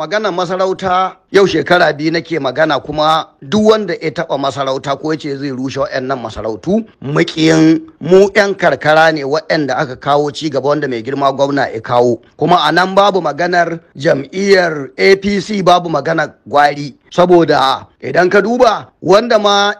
magana masarauta yau shekara biyu nake magana kuma duk wanda ya taba masarauta ko yace zai rushe waɗannan masarautu makiyin mu yan karkara ne waɗanda aka kawo ci gaba wanda mai girma gwamna ya kawo kuma a nan babu maganar jam'iyyar apc babu magana gwari saboda idan ka duba wanda ma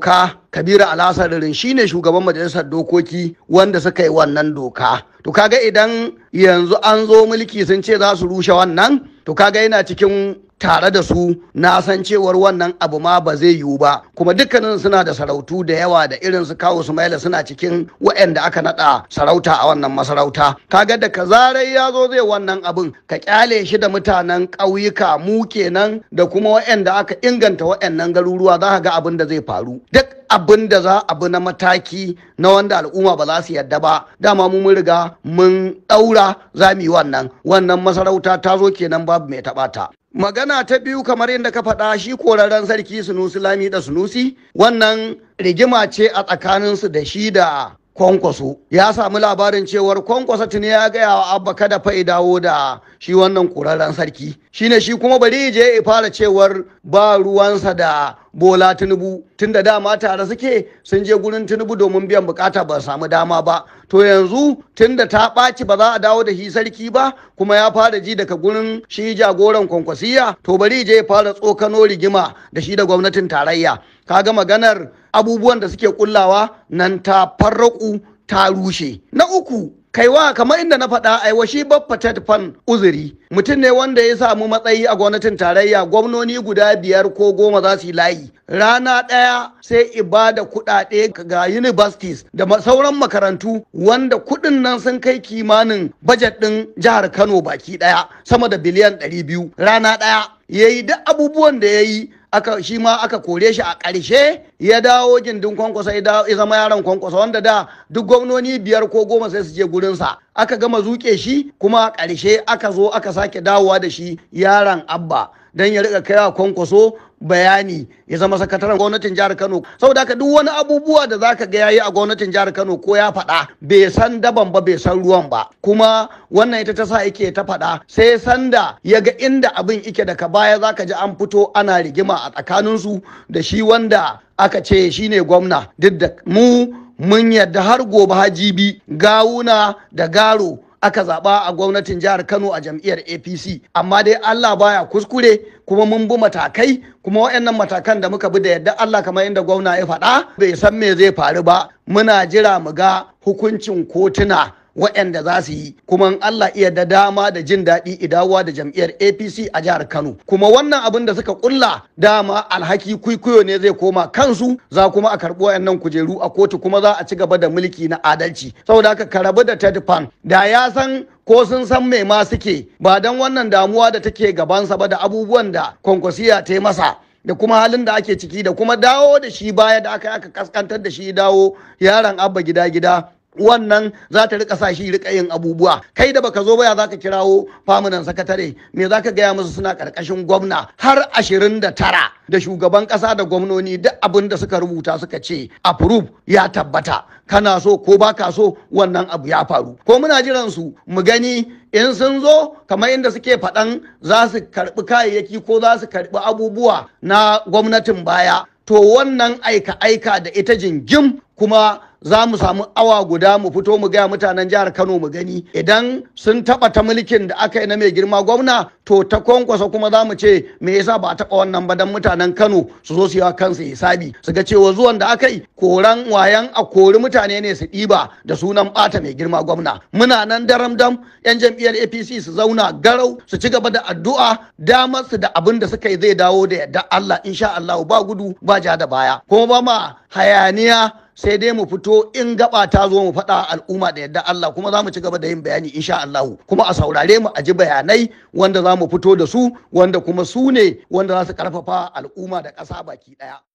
ka kabiru alasarin shine shugaban majalisar dokoki wanda suka yi wannan doka to kaga idan yanzu an zo mulki sun ce za su rushe wannan to kaga yana cikin tare da su na san cewar wannan abu ma ba zai yiwu ba kuma dukkanin suna da sarautu da yawa da irin su kawo su maila suna cikin wa'anda aka naɗa sarauta a wannan masarauta kaga da ka zarai ya zo zai wannan abin ka kyale shi da mutanen ƙauyuka mu kenan da kuma wa'anda aka inganta waɗannan garuruwa za ka ga abin da zai faru duk abin da za a bi na mataki na wanda al'umma ba za su yadda ba dama mu mun riga mun ɗaura za mu yi wannan wannan masarauta ta zo kenan babu mai taɓa ta magana ta biyu kamar yadda ka faɗa shi koraren sarki sunusi lami da sunusi wannan rigima ce a tsakaninsu da shi da kwankwaso ya samu labarin cewar kwankwaso tuni ya gaya wa abba kada fa dawo da shi wannan koraren sarki shine shi kuma bari je ya fara cewar ba ruwansa da bola tinubu da dama tare suke sun je gurin tinubu domin biyan bukata ba samu dama ba to yanzu tun da ta ɓaci ba za a dawo da shi sarki ba kuma ya fara ji daga gurin shi jagoran kwankwasiya to bari je ya fara tsokano rigima da shi da gwamnatin tarayya Ka ga maganar abubuwan da suke kullawa nan ta farraku ta rushe na uku kaiwa kamar inda na faɗa aiwa shi baffa fan uzuri mutum ne wanda ya samu matsayi a gwamnatin tarayya gwamnoni guda biyar ko goma za su yi layi rana ɗaya sai ibada kuɗaɗe ga universities da sauran makarantu wanda kuɗin nan sun kai kimanin bajet ɗin jihar kano baki ɗaya sama da biliyan ɗari biyu rana ɗaya ya yi duk abubuwan da ya yi aka shi ma aka kore shi a ƙarshe ya dawo gindin kwankwasa ya zama yaron kwankwasa wanda da duk gwamnoni biyar ko goma sai su je gurinsa aka gama zuke shi kuma a ƙarshe aka zo aka sake dawowa da shi yaron abba don ya rika wa kwankwaso bayani ya zama sakataren gwamnatin jihar Kano saboda ka duk wani abubuwa da zaka ga yayi a gwamnatin jihar Kano ko ya faɗa bai san daban ba bai san ruwan ba kuma wannan ita ta sa yake ta faɗa sai sanda ya ga inda abin ike daga baya zaka ji an fito ana rigima a tsakanin su da shi wanda aka ce shine gwamna duk da mu mun yadda har gobe hajibi gawuna da garo aka zaba a gwamnatin jihar Kano a jam'iyyar APC amma dai Allah baya kuskure kuma mun bi matakai kuma waɗannan matakan da muka bi da yadda Allah kamar inda gwamna ya faɗa bai san me zai faru ba muna jira mu ga hukuncin kotuna waɗanda za su yi kuma Allah iya da dama da jin daɗi idawa da jam'iyyar APC a jihar Kano kuma wannan abin da suka kulla dama alhaki kuikuyo ne zai koma kansu za kuma a karɓi wayannan kujeru a kotu kuma za a ci gaba da mulki na adalci saboda haka karabu da Ted Pan da ya san ko sun san me ma suke ba dan wannan damuwa da take gabansa ba da abubuwan da kwankwasiya ta yi masa da kuma halin da ake ciki da kuma dawo da shi baya da aka aka kaskantar da shi dawo yaron abba gida gida wannan za ta rika sashi, shi rika yin abubuwa kai da baka zo baya zaka kirawo famunan sakatare me zaka gaya musu suna karkashin gwamna har ashirin da tara da shugaban kasa da gwamnoni duk abin da suka rubuta suka ce approve ya tabbata kana so ko baka so wannan abu ya faru ko muna jiran su mu gani in sun zo kamar inda suke faɗan za su karɓi kayayyaki ko za su karɓi abubuwa na gwamnatin baya to wannan aika-aika da ita jingim kuma za mu samu awa guda mu fito mu gaya mutanen jihar Kano mu gani idan sun taɓa ta mulkin da aka yi na mai girma gwamna to ta kwankwasa kuma za mu ce me yasa ba a taɓa wannan ba don mutanen Kano su zo su yi kansu hisabi su ga cewa zuwan da aka yi koran wayan a kori mutane ne su ɗiba da sunan bata mai girma gwamna muna nan daram dam yan jam'iyyar APC su zauna garau su ci gaba da addu'a damar su da abin da suka yi zai dawo da yadda Allah insha Allah ba gudu ba ja da baya kuma ba ma hayaniya sai dai mu fito in gaba ta zo mu faɗa al'umma da yadda Allah kuma za mu ci gaba da yin bayani insha Allah kuma a saurare mu a ji bayanai wanda za mu fito da su wanda kuma su ne wanda za su karfafa al'umma da ƙasa baki ɗaya.